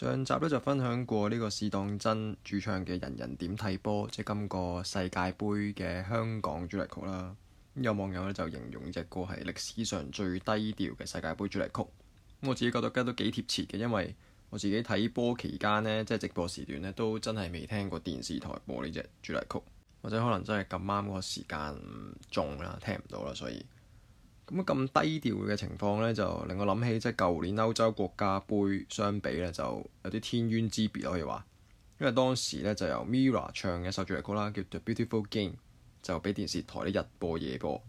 上集咧就分享過呢個試當真主唱嘅《人人點睇波》，即係今個世界盃嘅香港主題曲啦。有網友咧就形容隻歌係歷史上最低調嘅世界盃主題曲。我自己覺得都幾貼切嘅，因為我自己睇波期間呢，即係直播時段呢，都真係未聽過電視台播呢隻主題曲，或者可能真係咁啱個時間唔中啦，聽唔到啦，所以。咁咁低調嘅情況呢，就令我諗起即係舊年歐洲國家杯相比呢，就有啲天淵之別可以話。因為當時呢，就由 MIRROR 唱嘅一首主題曲啦，叫做《The Beautiful Game》，就俾電視台啲日播夜播。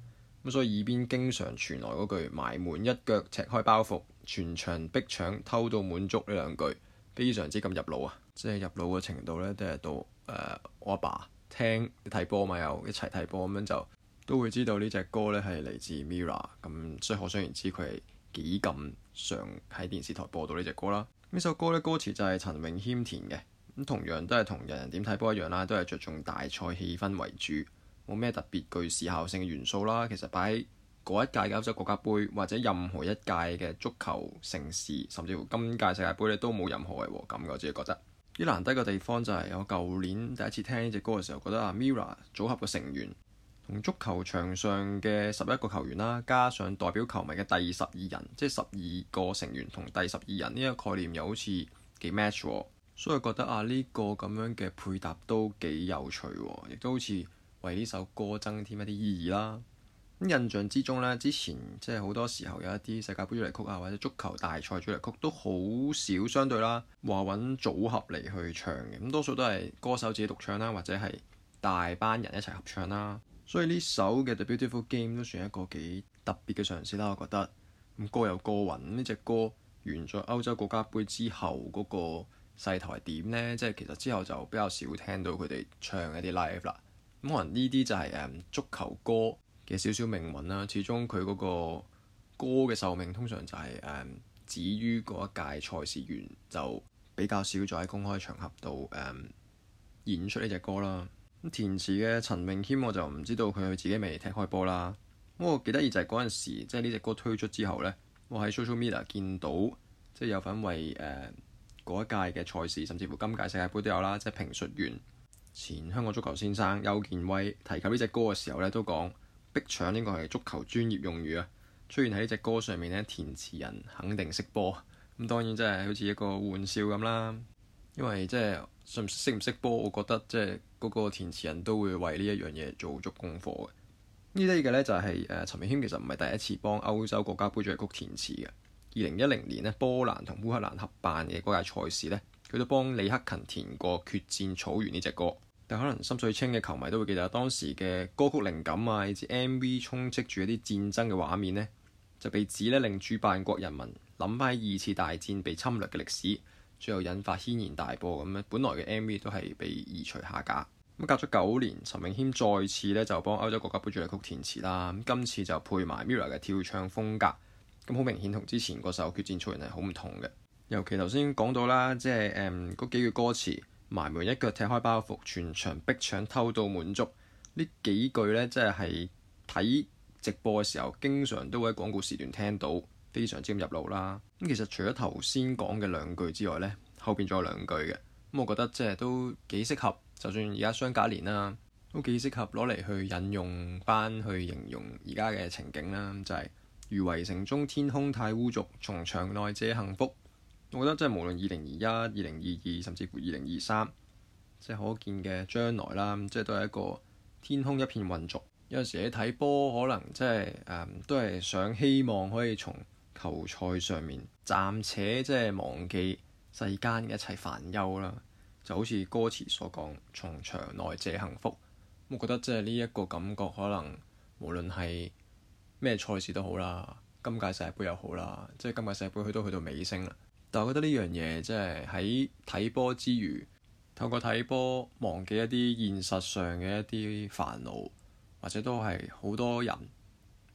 咁所以耳邊經常傳來嗰句「埋門一腳踢開包袱，全場逼搶偷到滿足」呢兩句，非常之咁入腦啊！即係入腦嘅程度呢，都係到、呃、我阿爸，爸聽睇波咪又一齊睇波咁樣就。都會知道呢隻歌呢係嚟自 MIRROR 咁，所以可想而知佢係幾咁常喺電視台播到呢隻歌啦。呢首歌呢，歌詞就係陳詠謙填嘅咁，同樣都係同《人人點睇波》一樣啦，都係著重大賽氣氛為主，冇咩特別具時效性嘅元素啦。其實擺喺嗰一屆歐洲國家盃或者任何一屆嘅足球盛事，甚至乎今屆世界盃咧都冇任何嘅違和感。我自己覺得啲難得嘅地方就係我舊年第一次聽呢隻歌嘅時候，覺得啊 MIRROR 組合嘅成員。足球場上嘅十一個球員啦，加上代表球迷嘅第十二人，即係十二個成員同第十二人呢一個概念又好似幾 match 喎，所以覺得啊呢個咁樣嘅配搭都幾有趣，亦都好似為呢首歌增添一啲意義啦。印象之中呢，之前即係好多時候有一啲世界盃主題曲啊，或者足球大賽主題曲都好少相對啦，話揾組合嚟去唱嘅咁多數都係歌手自己獨唱啦，或者係大班人一齊合唱啦。所以呢首嘅《The Beautiful Game》都算一個幾特別嘅嘗試啦，我覺得。各有各運呢隻歌，完咗歐洲國家杯之後嗰、嗰個勢頭係點咧？即係其實之後就比較少聽到佢哋唱一啲 live 啦。咁可能呢啲就係、是、誒、嗯、足球歌嘅少少命運啦。始終佢嗰個歌嘅壽命通常就係誒止於嗰一屆賽事完，就比較少再喺公開場合度誒、嗯、演出呢隻歌啦。咁填詞嘅陳詠謙，我就唔知道佢自己未踢開波啦。不過幾得而就係嗰陣時，即係呢隻歌推出之後呢，我喺 social media 見到，即係有份為誒嗰、呃、一屆嘅賽事，甚至乎今屆世界盃都有啦。即係評述員前香港足球先生邱健威提及呢隻歌嘅時候呢，都講逼搶呢個係足球專業用語啊。出現喺呢隻歌上面呢，填詞人肯定識波。咁當然即係好似一個玩笑咁啦。因為即係識唔識波，我覺得即係嗰、那個填詞人都會為呢一樣嘢做足功課嘅。呢啲嘅呢就係、是、誒、呃、陳詠謙其實唔係第一次幫歐洲國家杯主題曲，曲填詞嘅。二零一零年呢，波蘭同烏克蘭合辦嘅嗰屆賽事呢，佢都幫李克勤填過《決戰草原》呢隻歌。但可能心水清嘅球迷都會記得當時嘅歌曲靈感啊，以至 M.V. 充斥住一啲戰爭嘅畫面呢，就被指呢令主辦國人民諗返二次大戰被侵略嘅歷史。最後引發軒然大波咁咧，本來嘅 M.V. 都係被移除下架。咁隔咗九年，陳詠謙再次咧就幫歐洲國家杯主題曲填詞啦。咁今次就配埋 Mirror 嘅跳唱風格，咁、嗯、好明顯同之前嗰首《決戰草原》係好唔同嘅。尤其頭先講到啦，即係誒嗰幾句歌詞，埋門一腳踢開包袱，全場逼搶偷到滿足，呢幾句呢，即係睇直播嘅時候，經常都會喺廣告時段聽到。非常之咁入路啦，咁其實除咗頭先講嘅兩句之外呢，後邊仲有兩句嘅。咁我覺得即係都幾適合，就算而家雙甲年啦，都幾適合攞嚟去引用翻去形容而家嘅情景啦，就係、是、如圍城中天空太污濁，從場內借幸福。我覺得即係無論二零二一、二零二二，甚至乎二零二三，即係可見嘅將來啦，即係都係一個天空一片混濁。有陣時你睇波，可能即係、嗯、都係想希望可以從球賽上面暫且即係忘記世間嘅一切煩憂啦，就好似歌詞所講，從場內借幸福。我覺得即係呢一個感覺，可能無論係咩賽事都好啦，今屆世盃又好啦，即係今屆世盃去都去到尾聲啦。但係我覺得呢樣嘢即係喺睇波之餘，透過睇波忘記一啲現實上嘅一啲煩惱，或者都係好多人。